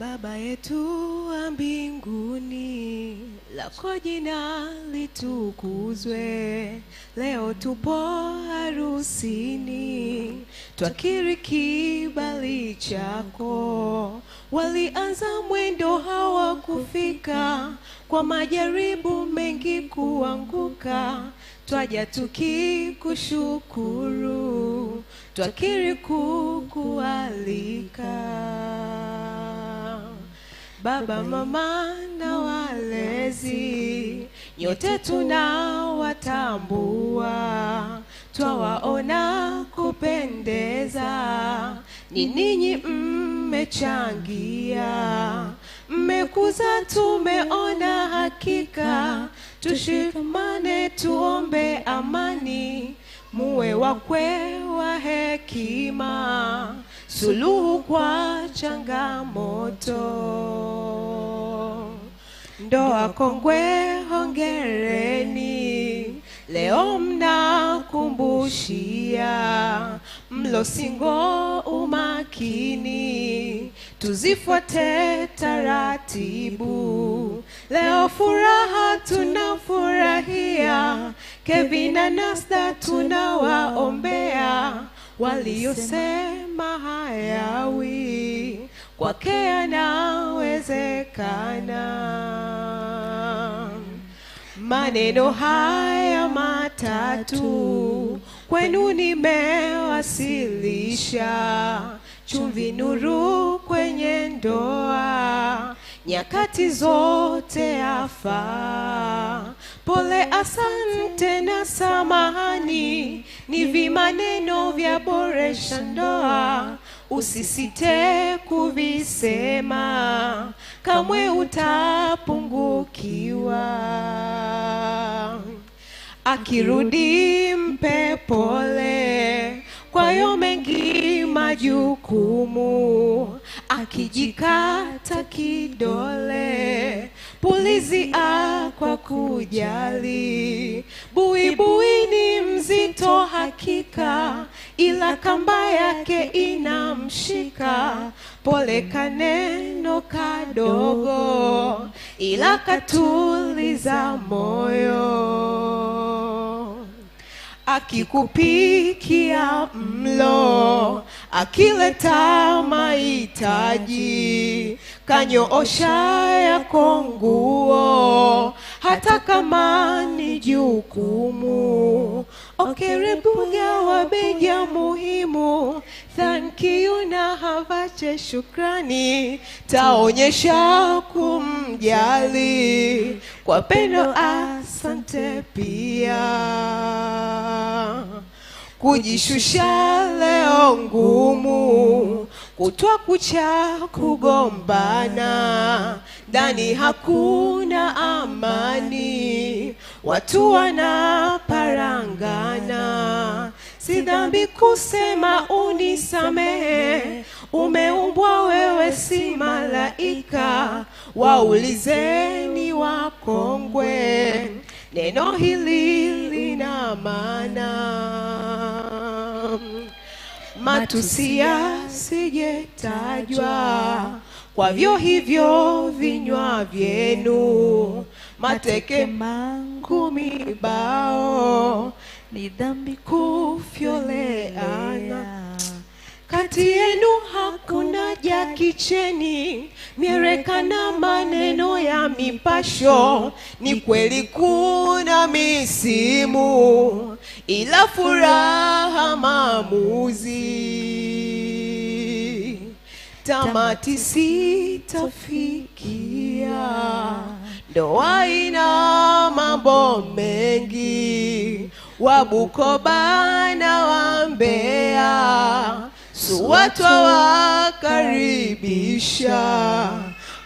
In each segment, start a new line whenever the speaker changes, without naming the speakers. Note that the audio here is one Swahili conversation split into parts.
Baba yetu wa mbinguni, lako jina litukuzwe. Leo tupo harusini, twakiri kibali chako. Walianza mwendo hawakufika, kwa majaribu mengi kuanguka, twaja tukikushukuru, twakiri kukualika baba, mama na walezi, nyote tunawatambua, twawaona kupendeza, ni ninyi mmechangia, mmekuza, tumeona hakika. Tushikamane, tuombe amani, muwe wakwe wa hekima suluhu kwa changamoto. Ndoa kongwe, hongereni, leo mnakumbushia mlo singo umakini, tuzifuate taratibu. Leo furaha tunafurahia, Kevin na tunawaombea Waliosema hayawi kwake yanawezekana. Maneno haya matatu kwenu nimewasilisha, chumvi, nuru kwenye ndoa, nyakati zote afaa. Pole, asante na samahani ni maneno vya boresha ndoa, usisite kuvisema, kamwe utapungukiwa. Akirudi mpe pole, kwayo mengi majukumu, akijikata kidole Polisi a kwa kujali, buibui ni mzito hakika, ila kamba yake inamshika. Pole kaneno kadogo, ila katuliza moyo. Akikupikia mlo, akileta mahitaji kanyoosha yako nguo, hata kama ni jukumu. Okerebunga wa bega muhimu, thank you na havache shukrani, taonyesha kumjali kwa pendo, asante pia kujishusha leo ngumu kutwa kucha kugombana, ndani hakuna amani, watu wanaparangana. Si dhambi kusema unisamehe, umeumbwa wewe, si malaika. Waulizeni wakongwe, neno hili lina maana matusia kwa kwavyo hivyo vinywa vyenu mateke mangu mibao ni dhambi kufyoleana kati yenu hakuna jakicheni mierekana maneno ya mipasho ni kweli kuna misimu ila furaha maamuzi, tamati sitafikia. Ndoa ina mambo mengi, Wabukoba na wa Mbeya, wakaribisha,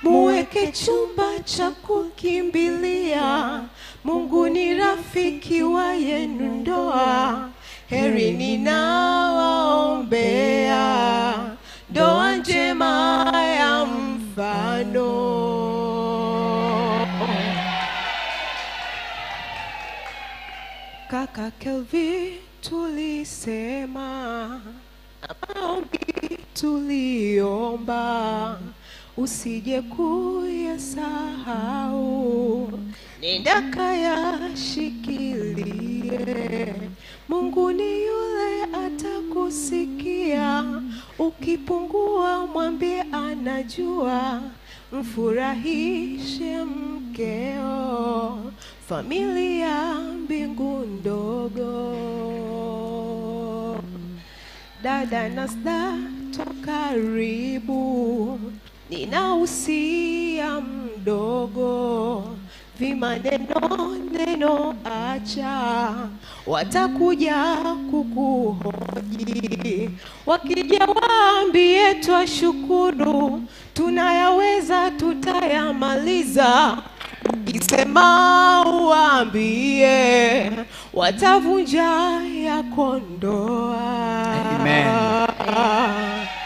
muweke chumba cha kukimbilia Mungu ni rafiki wa yenu ndoa, heri ninawaombea ndoa njema ya mfano. Kaka Kelvin tulisema maombi tuliomba, usije kuyasahau Nendaka yashikilie, Mungu ni yule atakusikia. Ukipungua mwambie anajua, mfurahishe mkeo, familia mbingu ndogo. Dada Nasda tokaribu, nina usia mdogo vimaneno neno, acha watakuja kukuhoji. Wakija waambie twashukuru, tunayaweza tutayamaliza. Ukisema uambie watavunja ya kondoa Amen. Amen.